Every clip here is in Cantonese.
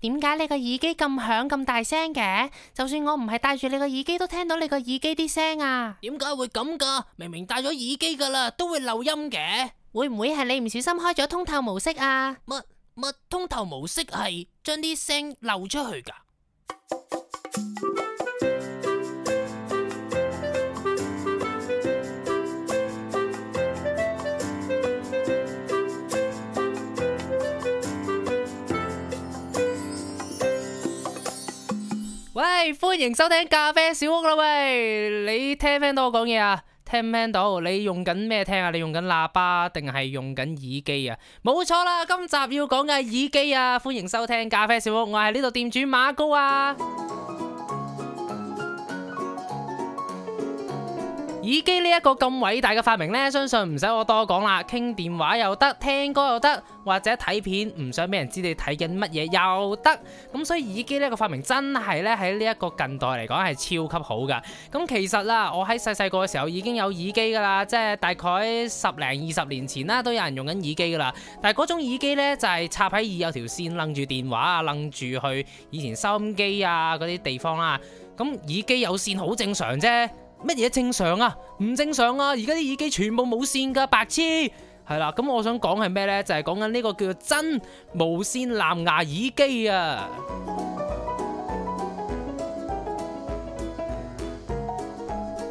點解你個耳機咁響咁大聲嘅？就算我唔係戴住你個耳機，都聽到你個耳機啲聲啊！點解會咁噶？明明戴咗耳機噶啦，都會漏音嘅。會唔會係你唔小心開咗通透模式啊？乜乜通透模式係將啲聲漏出去噶。喂，歡迎收聽咖啡小屋啦，喂，你聽唔聽到我講嘢啊？聽唔聽到？你用緊咩聽啊？你用緊喇叭定係用緊耳機啊？冇錯啦，今集要講嘅耳機啊！歡迎收聽咖啡小屋，我係呢度店主馬高啊。耳機呢一個咁偉大嘅發明呢，相信唔使我多講啦，傾電話又得，聽歌又得，或者睇片，唔想俾人知你睇緊乜嘢又得。咁所以耳機呢個發明真係咧喺呢一個近代嚟講係超級好噶。咁其實啦，我喺細細個嘅時候已經有耳機噶啦，即係大概十零二十年前啦，都有人用緊耳機噶啦。但係嗰種耳機呢，就係插喺耳有條線，楞住電話啊，楞住去以前收音機啊嗰啲地方啦。咁耳機有線好正常啫。乜嘢正常啊？唔正常啊！而家啲耳機全部冇線噶，白痴！係啦，咁我想講係咩呢？就係講緊呢個叫真無線藍牙耳機啊！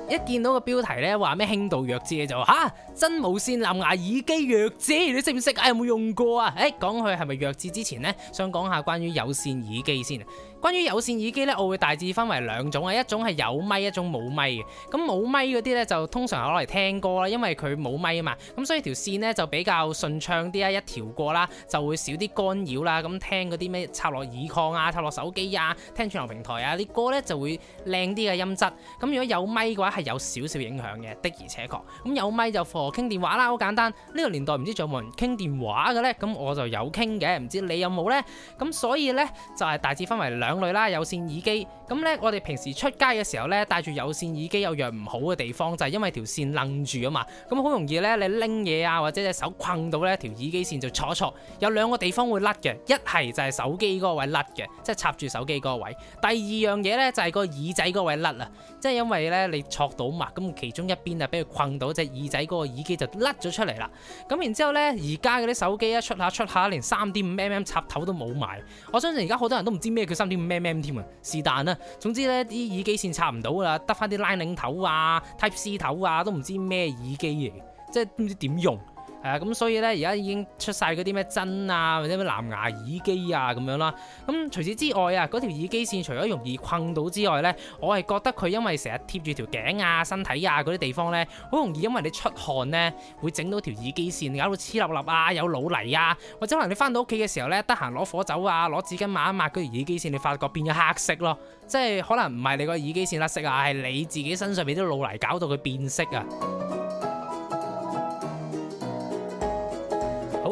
一見到個標題呢，話咩輕度弱智嘅、啊、就話吓真無線藍牙耳機弱智，你識唔識？有冇用過啊？誒、欸，講佢係咪弱智之前呢，想講下關於有線耳機先。關於有線耳機咧，我會大致分為兩種啊，一種係有咪，一種冇咪嘅。咁冇咪嗰啲咧就通常攞嚟聽歌啦，因為佢冇咪啊嘛，咁所以條線咧就比較順暢啲啊，一條過啦，就會少啲干擾啦。咁聽嗰啲咩插落耳擴啊，插落手機啊，聽串流平台啊啲歌咧就會靚啲嘅音質。咁如果有咪嘅話係有少少影響嘅，的而且確。咁有咪就 for 傾電話啦，好簡單。呢個年代唔知仲有冇人傾電話嘅咧？咁我就有傾嘅，唔知你有冇咧？咁所以咧就係大致分為兩兩類啦，有線耳機咁咧，我哋平時出街嘅時候咧，戴住有線耳機有樣唔好嘅地方就係因為條線楞住啊嘛，咁好容易咧，你拎嘢啊或者隻手困到咧，條耳機線就錯錯，有兩個地方會甩嘅，一係就係手機嗰個位甩嘅，即係插住手機嗰個位；第二樣嘢咧就係個耳仔嗰個位甩喇，即係因為咧你錯到嘛，咁其中一邊啊俾佢困到隻耳仔嗰個耳機就甩咗出嚟啦。咁然之後咧，而家嗰啲手機一出下出下，連三點五 mm 插頭都冇埋，我相信而家好多人都唔知咩叫三點咩咩添啊，是但啦。總之咧，啲耳機線插唔到噶啦，得返啲 Lightning 頭啊、Type C 頭啊，都唔知咩耳機嚟，即係都唔知點用。係啊，咁所以咧，而家已經出晒嗰啲咩針啊，或者咩藍牙耳機啊咁樣啦。咁、嗯、除此之外啊，嗰條耳機線除咗容易困到之外咧，我係覺得佢因為成日貼住條頸啊、身體啊嗰啲地方咧，好容易因為你出汗咧，會整到條耳機線搞到黐笠笠啊，有老泥啊。或者可能你翻到屋企嘅時候咧，得閒攞火酒啊，攞紙巾抹一抹嗰條耳機線，你發覺變咗黑色咯。即係可能唔係你個耳機線甩色啊，係你自己身上邊啲老泥搞到佢變色啊。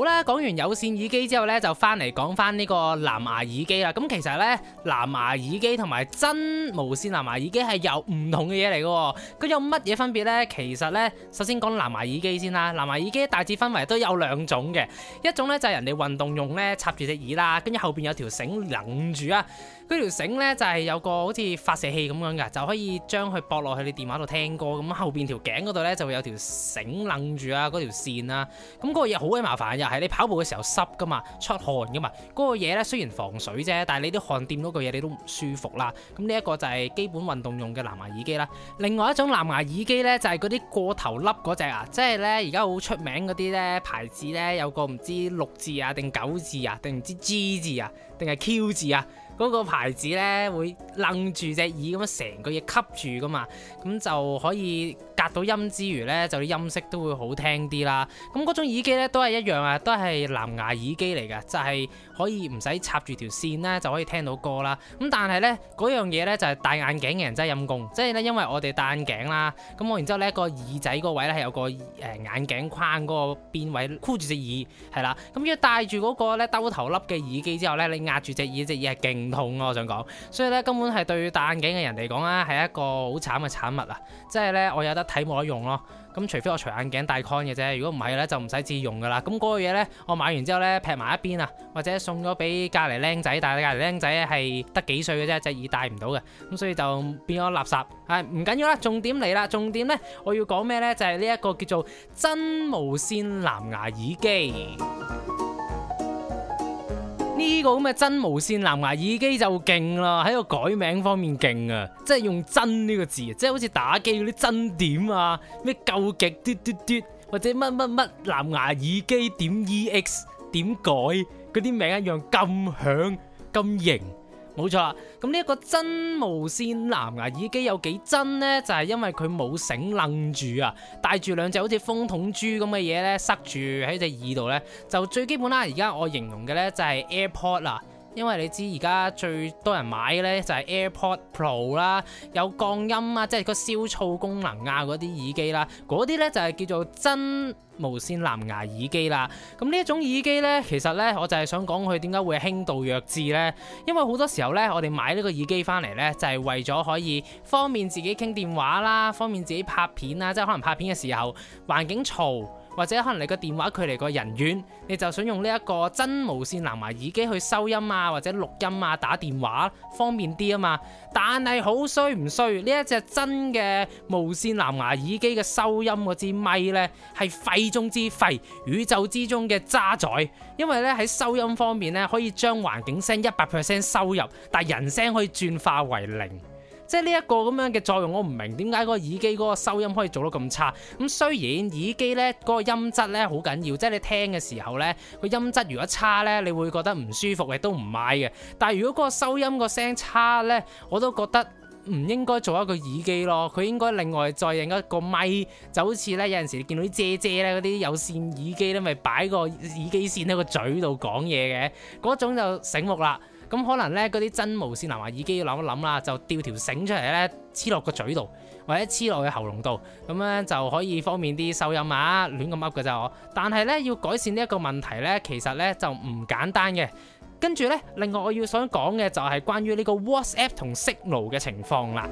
啦，講完有線耳機之後咧，就翻嚟講翻呢個藍牙耳機啦。咁其實咧，藍牙耳機同埋真無線藍牙耳機係有唔同嘅嘢嚟嘅。佢有乜嘢分別呢？其實呢，首先講藍牙耳機先啦。藍牙耳機大致分為都有兩種嘅，一種咧就係人哋運動用咧，插住隻耳啦，跟住後邊有條繩擰住啊。嗰條繩咧就係有個好似發射器咁樣㗎，就可以將佢駁落去你電話度聽歌。咁後邊條頸嗰度咧就會有條繩擰住啊，嗰條線啊。咁嗰個嘢好鬼麻煩又係。你跑步嘅時候濕㗎嘛，出汗㗎嘛，嗰個嘢咧雖然防水啫，但係你啲汗掂嗰個嘢你都唔舒服啦。咁呢一個就係基本運動用嘅藍牙耳機啦。另外一種藍牙耳機咧就係嗰啲過頭笠嗰隻啊，即係咧而家好出名嗰啲咧牌子咧有個唔知六字啊定九字啊定唔知 G 字啊定係 Q 字啊。嗰個牌子咧會擸住隻耳咁樣成個嘢吸住噶嘛，咁就可以隔到音之餘咧，就啲音色都會好聽啲啦。咁嗰種耳機咧都係一樣啊，都係藍牙耳機嚟噶，就係可以唔使插住條線咧就可以聽到歌啦。咁但係咧嗰樣嘢咧就係戴眼鏡嘅人真係陰功，即係咧因為我哋戴眼鏡啦，咁我然之後咧個耳仔嗰位咧係有個誒眼鏡框嗰個邊位箍住隻耳，係啦，咁要戴住嗰個咧兜頭笠嘅耳機之後咧，你壓住隻耳，隻耳係勁。痛，我想講，所以咧根本係對戴眼鏡嘅人嚟講啊，係一個好慘嘅產物啊！即係咧，我有得睇冇得用咯。咁除非我除眼鏡戴 con 嘅啫，如果唔係咧就唔使自用噶啦。咁嗰個嘢咧，我買完之後咧，劈埋一邊啊，或者送咗俾隔離僆仔。但係隔離僆仔係得幾歲嘅啫，隻耳戴唔到嘅。咁所以就變咗垃圾。係、哎、唔緊要啦，重點嚟啦！重點咧，我要講咩咧？就係呢一個叫做真無線藍牙耳機。呢個咁嘅真無線藍牙耳機就勁啦，喺個改名方面勁啊，即係用真呢個字，即係好似打機嗰啲真點啊，咩究極嘟嘟嘟，或者乜乜乜藍牙耳機點 ex 點改嗰啲名一樣咁響咁型。冇錯啦，咁呢一個真無線藍牙耳機有幾真呢？就係因為佢冇繩楞住啊，戴住兩隻好似風筒珠咁嘅嘢咧，塞住喺隻耳度咧，就最基本啦。而家我形容嘅咧就係 AirPod 啦。因為你知而家最多人買嘅咧就係 AirPods Pro 啦，有降音啊，即係個消噪功能啊嗰啲耳機啦，嗰啲咧就係叫做真無線藍牙耳機啦。咁呢一種耳機咧，其實咧我就係想講佢點解會輕度弱智咧？因為好多時候咧，我哋買呢個耳機翻嚟咧，就係為咗可以方便自己傾電話啦，方便自己拍片啦，即係可能拍片嘅時候環境嘈。或者可能你個電話距離個人遠，你就想用呢一個真無線藍牙耳機去收音啊，或者錄音啊，打電話方便啲啊嘛。但係好衰唔衰呢？一隻真嘅無線藍牙耳機嘅收音嗰支咪呢，係廢中之廢，宇宙之中嘅渣滓。因為呢，喺收音方面呢，可以將環境聲一百 percent 收入，但人聲可以轉化為零。即係呢一個咁樣嘅作用，我唔明點解嗰個耳機嗰個收音可以做到咁差。咁雖然耳機呢，嗰個音質呢好緊要，即係你聽嘅時候呢個音質如果差呢，你會覺得唔舒服，亦都唔買嘅。但係如果嗰個收音個聲差呢，我都覺得唔應該做一個耳機咯。佢應該另外再引一個咪，就好似呢有陣時你見到啲遮遮呢嗰啲有線耳機咧，咪擺個耳機線喺個嘴度講嘢嘅嗰種就醒目啦。咁可能咧，嗰啲真無線藍牙耳機要諗一諗啦，就掉條繩出嚟咧，黐落個嘴度，或者黐落去喉嚨度，咁樣就可以方便啲收音啊，亂咁噏㗎咋我。但係咧要改善呢一個問題咧，其實咧就唔簡單嘅。跟住咧，另外我要想講嘅就係關於呢個 WhatsApp 同 Signal 嘅情況啦。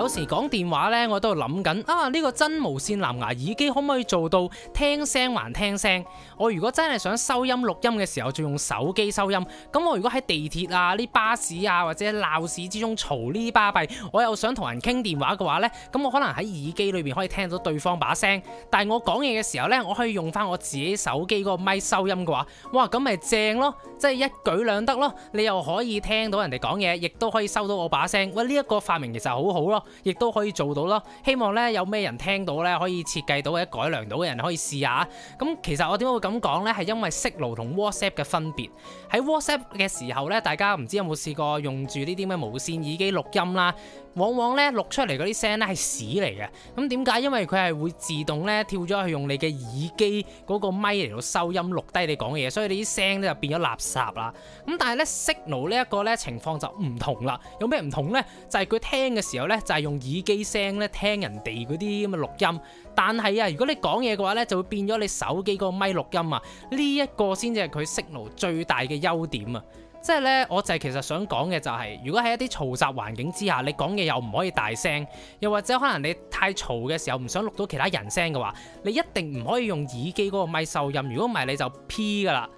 有時講電話呢，我都喺度諗緊啊！呢個真無線藍牙耳機可唔可以做到聽聲還聽聲？我如果真係想收音錄音嘅時候，就用手機收音。咁我如果喺地鐵啊、啲巴士啊或者鬧市之中嘈呢巴閉，我又想同人傾電話嘅話呢，咁我可能喺耳機裏面可以聽到對方把聲，但係我講嘢嘅時候呢，我可以用翻我自己手機嗰個咪收音嘅話，哇！咁咪正咯，即係一舉兩得咯。你又可以聽到人哋講嘢，亦都可以收到我把聲。哇，呢一個發明其實好好咯。亦都可以做到咯，希望咧有咩人聽到咧，可以設計到或者改良到嘅人可以試下。咁其實我點解會咁講咧？係因為 Signal 同 WhatsApp 嘅分別，喺 WhatsApp 嘅時候咧，大家唔知有冇試過用住呢啲咩無線耳機錄音啦？往往咧錄出嚟嗰啲聲咧係屎嚟嘅。咁點解？因為佢係會自動咧跳咗去用你嘅耳機嗰個咪嚟到收音，錄低你講嘢，所以你啲聲咧就變咗垃圾啦。咁但係咧 Signal 呢一個咧情況就唔同啦。有咩唔同咧？就係佢聽嘅時候咧就係。用耳機聲咧聽人哋嗰啲咁嘅錄音，但係啊，如果你講嘢嘅話咧，就會變咗你手機個咪錄音啊。呢一個先至係佢 signal 最大嘅優點啊。即係咧，我就係其實想講嘅就係、是，如果喺一啲嘈雜環境之下，你講嘢又唔可以大聲，又或者可能你太嘈嘅時候唔想錄到其他人聲嘅話，你一定唔可以用耳機嗰個咪受音，如果唔係你就 P 噶啦。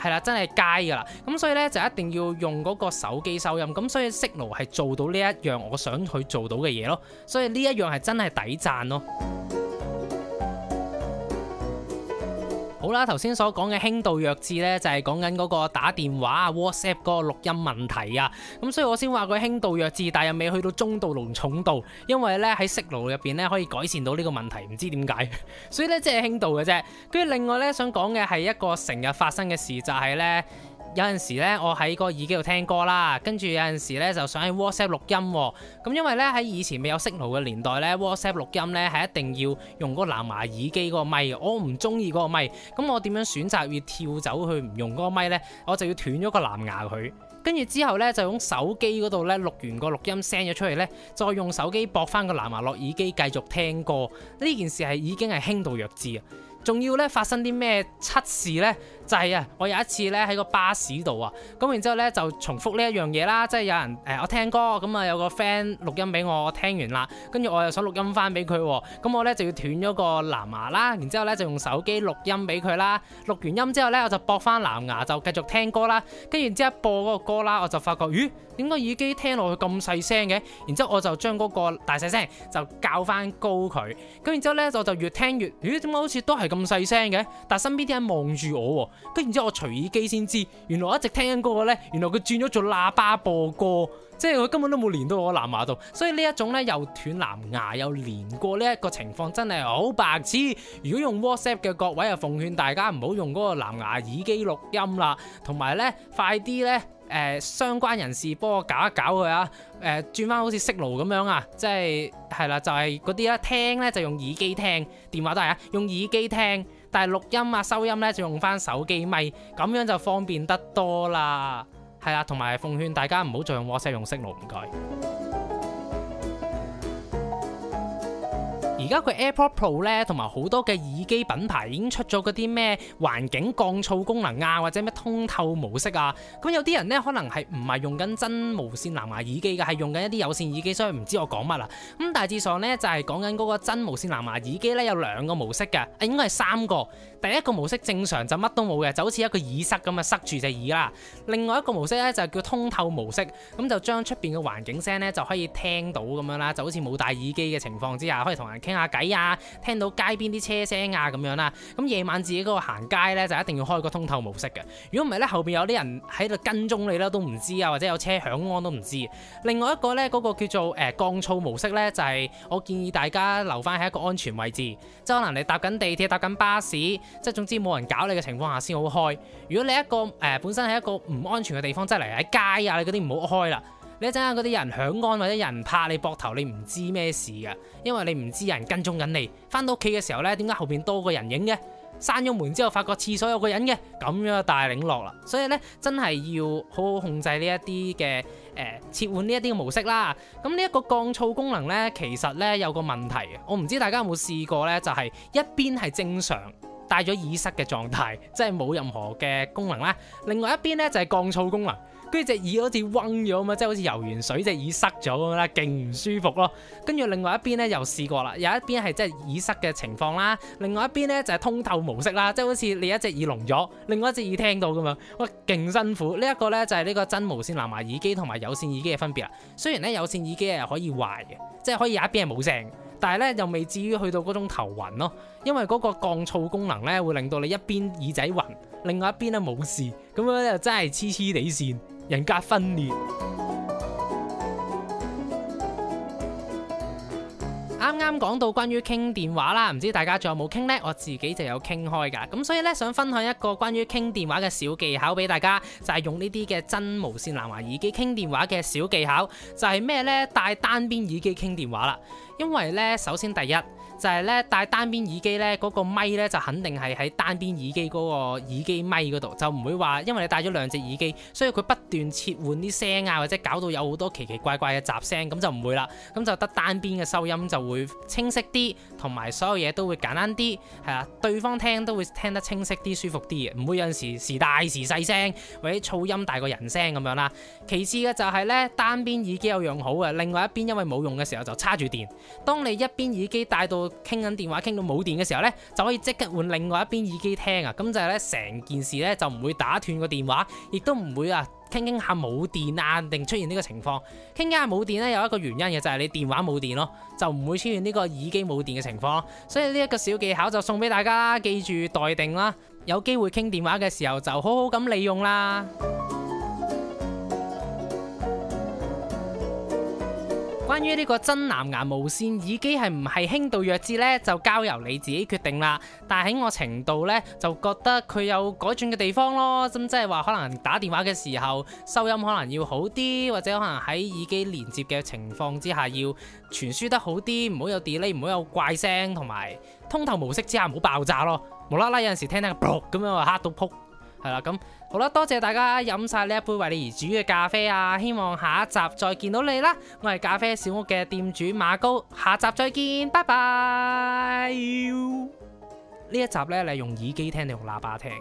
係啦，真係街㗎啦，咁所以呢，就一定要用嗰個手機收音，咁所以色奴係做到呢一樣我想去做到嘅嘢咯，所以呢一樣係真係抵讚咯。好啦，頭先所講嘅輕度弱智呢，就係講緊嗰個打電話啊、WhatsApp 嗰個錄音問題啊，咁所以我先話佢輕度弱智，但又未去到中度同重度，因為呢喺 Signal 入邊呢，可以改善到呢個問題，唔知點解， 所以呢，即係輕度嘅啫。跟住另外呢，想講嘅係一個成日發生嘅事，就係呢。有陣時咧，我喺個耳機度聽歌啦，跟住有陣時咧就想喺 WhatsApp 錄音喎。咁因為咧喺以前未有 Signal 嘅年代咧，WhatsApp 錄音咧係一定要用嗰個藍牙耳機嗰個咪。我唔中意嗰個咪，咁我點樣選擇要跳走去唔用嗰個咪咧？我就要斷咗個藍牙佢，跟住之後咧就用手機嗰度咧錄完個錄音 send 咗出嚟咧，再用手機駁返個藍牙落耳機繼續聽歌。呢件事係已經係輕度弱智啊！仲要咧發生啲咩測試呢？就係、是、啊，我有一次咧喺個巴士度啊，咁然之後咧就重複呢一樣嘢啦，即係有人誒、呃、我聽歌咁啊，有個 friend 錄音俾我，我聽完啦，跟住我又想錄音翻俾佢喎，咁我咧就要斷咗個藍牙啦，然之後咧就用手機錄音俾佢啦，錄完音之後咧我就駁翻藍牙就繼續聽歌啦，跟住之後播嗰個歌啦，我就發覺咦～點解耳機聽落去咁細聲嘅？然之後我就將嗰個大細聲就校返高佢。咁然之後咧，我就越聽越，咦？點解好似都係咁細聲嘅？但身邊啲人望住我喎。跟然之後我除耳機先知，原來我一直聽緊、那、嗰個咧，原來佢轉咗做喇叭播歌，即係佢根本都冇連到我藍牙度。所以呢一種咧又斷藍牙又連過呢一個情況真係好白痴。如果用 WhatsApp 嘅各位啊，奉勸大家唔好用嗰個藍牙耳機錄音啦，同埋咧快啲咧～誒、呃、相關人士幫我搞一搞佢啊！誒、呃、轉翻好似 Signal 咁樣啊，即係係啦，就係嗰啲啦，聽咧就用耳機聽，電話都係啊，用耳機聽，但係錄音啊、收音咧就用翻手機咪，咁樣就方便得多啦，係啦、啊，同埋奉勸大家唔好再用 WhatsApp 用 Signal，唔該。而家佢 AirPods Pro 咧，同埋好多嘅耳機品牌已經出咗啲咩環境降噪功能啊，或者咩通透模式啊。咁有啲人咧可能係唔係用緊真無線藍牙耳機嘅，係用緊一啲有線耳機，所以唔知我講乜啦。咁大致上咧就係講緊嗰個真無線藍牙耳機咧有兩個模式嘅，應該係三個，第一個模式正常就乜都冇嘅，就好似一個耳塞咁啊，塞住隻耳啦。另外一個模式咧就叫通透模式，咁就將出邊嘅環境聲咧就可以聽到咁樣啦，就好似冇戴耳機嘅情況之下可以同人傾。下計啊！聽到街邊啲車聲啊，咁樣啦。咁夜晚自己嗰個行街呢，就一定要開個通透模式嘅。如果唔係呢，後邊有啲人喺度跟蹤你啦，都唔知啊，或者有車響安都唔知。另外一個呢，嗰、那個叫做誒、呃、降噪模式呢，就係、是、我建議大家留翻喺一個安全位置，即係可能你搭緊地鐵、搭緊巴士，即係總之冇人搞你嘅情況下先好開。如果你一個誒、呃、本身係一個唔安全嘅地方，即係嚟喺街啊，你嗰啲唔好開啦。你一陣間嗰啲人響安或者有人拍你膊頭，你唔知咩事嘅，因為你唔知有人跟蹤緊你。翻到屋企嘅時候呢，點解後邊多個人影嘅？閂咗門之後，發覺廁所有個人嘅，咁樣就大領落啦。所以呢，真係要好好控制呢一啲嘅誒切換呢一啲嘅模式啦。咁呢一個降噪功能呢，其實呢，有個問題，我唔知大家有冇試過呢，就係、是、一邊係正常帶咗耳塞嘅狀態，即係冇任何嘅功能啦；另外一邊呢，就係、是、降噪功能。跟住隻耳好似嗡咗咁嘛，即係好似游完水隻耳塞咗咁啦，勁唔舒服咯。跟住另外一邊咧又試過啦，有一邊係即係耳塞嘅情況啦，另外一邊咧就係通透模式啦，即係好似你一隻耳聾咗，另外一隻耳聽到咁樣，哇勁辛苦！呢一個咧就係呢個真無線藍牙耳機同埋有線耳機嘅分別啊。雖然咧有線耳機係可以壞嘅，即係可以有一邊係冇聲，但係咧又未至於去到嗰種頭暈咯，因為嗰個降噪功能咧會令到你一邊耳仔暈，另外一邊咧冇事，咁樣咧真係痴痴地線。人格分裂。啱啱講到關於傾電話啦，唔知大家仲有冇傾呢？我自己就有傾開㗎，咁所以呢，想分享一個關於傾電話嘅小技巧俾大家，就係用呢啲嘅真無線藍牙耳機傾電話嘅小技巧，就係咩呢？戴單邊耳機傾電話啦，因為呢，首先第一。就係咧，帶單邊耳機咧，嗰個咪咧就肯定係喺單邊耳機嗰個耳機咪嗰度,就唔會話，因為你帶咗兩隻耳機，所以佢不斷切換啲聲啊，或者搞到有好多奇奇怪怪嘅雜聲，咁就唔會啦。咁就得單邊嘅收音就會清晰啲，同埋所有嘢都會簡單啲，係啊，對方聽都會聽得清晰啲，舒服啲嘅，唔會有陣時時大時細聲或者噪音大過人聲咁樣啦。其次嘅就係咧，單邊耳機有用好嘅，另外一邊因為冇用嘅時候就插住電，當你一邊耳機帶到。傾緊電話，傾到冇電嘅時候呢，就可以即刻換另外一邊耳機聽啊！咁就係咧，成件事呢，就唔會打斷個電話，亦都唔會啊傾傾下冇電啊，定出現呢個情況。傾傾下冇電呢，有一個原因嘅就係你電話冇電咯，就唔會出現呢個耳機冇電嘅情況。所以呢一個小技巧就送俾大家啦，記住待定啦，有機會傾電話嘅時候就好好咁利用啦。關於呢個真藍牙無線耳機係唔係輕度弱智呢？就交由你自己決定啦。但喺我程度呢，就覺得佢有改進嘅地方咯。咁即係話可能打電話嘅時候收音可能要好啲，或者可能喺耳機連接嘅情況之下要傳輸得好啲，唔好有 delay，唔好有怪聲，同埋通透模式之下唔好爆炸咯。無啦啦有陣時聽一聽咁樣話嚇到撲。係啦，咁好啦，多謝大家飲晒呢一杯為你而煮嘅咖啡啊！希望下一集再見到你啦！我係咖啡小屋嘅店主馬高，下集再見，拜拜！呢一集呢，你用耳機聽定用喇叭聽？